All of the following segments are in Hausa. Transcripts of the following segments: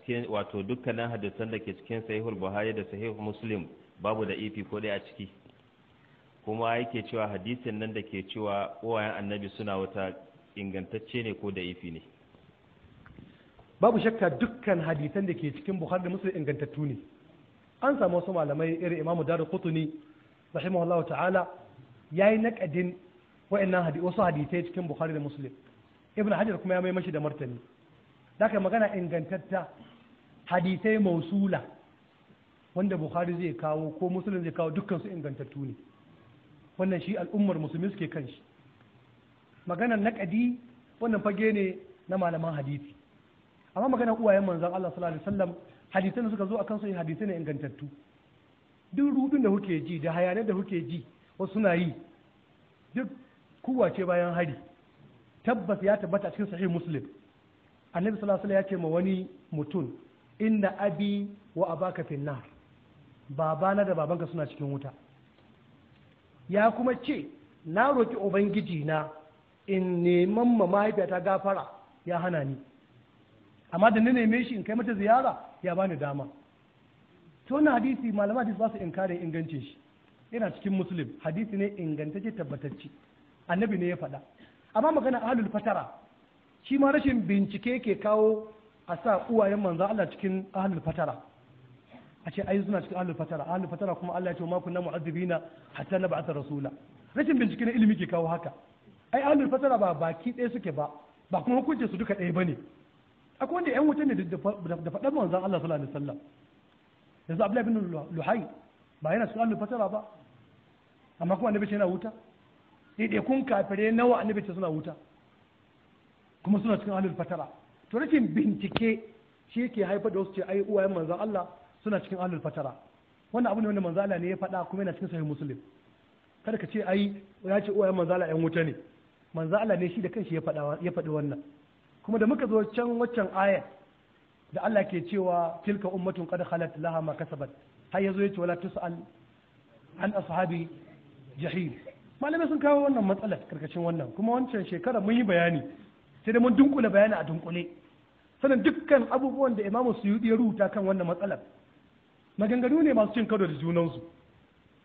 cikin wato dukkanin hadisan da ke cikin sahihul buhari da sahih muslim babu da ifi ko a ciki kuma yake cewa hadisin nan da ke cewa uwayen annabi suna wata ingantacce ne ko da ifi ne babu shakka dukkan hadisan da ke cikin buhari da muslim ingantattu ne an samu wasu malamai irin imamu daru kutuni rahimahullahu ta'ala yayi naƙadin wa'annan wasu hadisai cikin buhari da muslim ibn hajar kuma ya mai mashi da martani za magana ingantatta hadisai mausula wanda bukhari zai kawo ko musulun zai kawo dukkan su ingantattu ne wannan shi al'ummar musulmi suke kan shi maganar naƙadi wannan fage ne na malaman hadisi amma maganar uwayen manzon Allah sallallahu alaihi wasallam suka zo akan su hadisai ne ingantattu duk rudun da kuke ji da hayanai da kuke ji wasu suna yi duk kuwace bayan hari tabbas ya tabbata cikin sahih muslim annabi sallallahu alaihi ya ce ma wani mutum inna abi wa abaka finnar babana da babanka suna cikin wuta ya kuma ce na roki ubangiji na in neman ma mahaifiyata gafara ya hana ni amma da na neme shi in kai mata ziyara ya bani dama to na hadisi malama hadisi ba su inkarin ingancin shi yana cikin muslim hadisi ne ingantacce tabbatacce annabi ne ya faɗa amma magana ahlul fatara shi ma rashin bincike ke kawo a sa uwayen manzo Allah cikin ahlul fatara a ce ai suna cikin ahlul fatara ahlul fatara kuma Allah ya ce ma kunna mu'azzibina hatta nab'atha rasula rashin bincike na ilimi ke kawo haka ai ahlul fatara ba baki ɗaya suke ba ba kuma hukuncin su duka ɗaya bane akwai wanda yan wuta ne da faɗar manzon Allah sallallahu alaihi wasallam yanzu Abdullahi bin Luhai ba yana cikin ahlul fatara ba amma kuma annabi ce yana wuta ɗaiɗaikun kafirai nawa annabi ce suna wuta kuma suna cikin ahlul fatara to rashin bincike shi ke haifar da wasu ce ai uwayen manzon Allah suna cikin ahlul fatara wannan abu ne wanda manzon Allah ne ya faɗa kuma yana cikin sahih muslim kada ka ce ai ya ce uwayen manzon Allah ƴan wuta ne manzon Allah ne shi da kanshi ya faɗa ya faɗi wannan kuma da muka zo can waccan aya da Allah ke cewa tilka ummatun qad khalat laha ma kasabat har yazo yace wala tusal an ashabi jahil malamai sun kawo wannan matsalar karkashin wannan kuma wancan shekara mun yi bayani sai dai mun dunkule bayani a dunkule sannan dukkan abubuwan da imamu suyudi ya rubuta kan wannan matsalar maganganu ne masu cin karo da junansu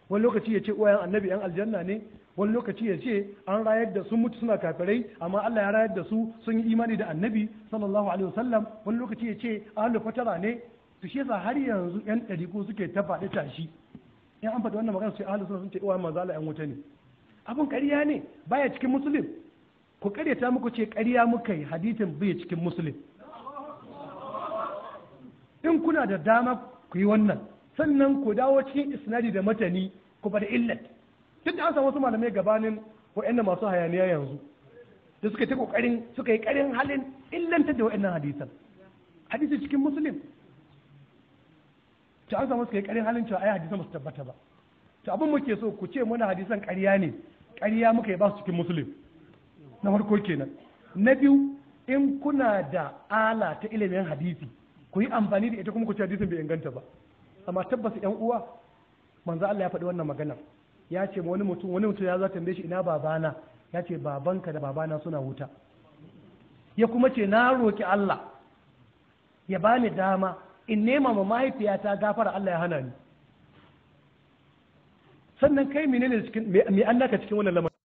wani lokaci ya ce uwayen annabi yan aljanna ne wani lokaci ya ce an rayar da sun mutu suna kafirai amma Allah ya rayar da su sun yi imani da annabi sallallahu alaihi wasallam wani lokaci ya ce ahlu fatara ne su shi yasa har yanzu yan ɗariko suke ta faɗi tashi in an faɗi wannan magana sai ahlu sunna sun ce uwayen manzo Allah yan wuta ne abun karya ne baya cikin musulun ku karyata muku ce ƙarya muka yi hadithin bai cikin musulun in kuna da dama ku yi wannan sannan ku dawo cikin isnadi da matani ku bada illat duk da an samu wasu malamai gabanin wa'annan masu hayaniya yanzu da suka ta kokarin suka yi karin halin illantar da wa'annan hadisan hadisi cikin musulun ta an samu suka yi karin halin cewa ai hadisan ba su tabbata ba to abin muke so ku ce muna hadisan ƙarya ne ƙarya muka yi ba su cikin musulun na farko kenan na biyu in kuna da ala ta ilimin hadisi ku yi amfani da ita kuma ku ci hadisin bai inganta ba amma tabbas yan uwa manzo Allah ya faɗi wannan magana ya ce wani mutum wani mutum ya zo tambaye shi ina babana ya ce babanka da babana suna wuta ya kuma ce na roki Allah ya bani dama in nema ma mahaifiyata gafara Allah ya hana ni sannan kai menene cikin me annaka cikin wannan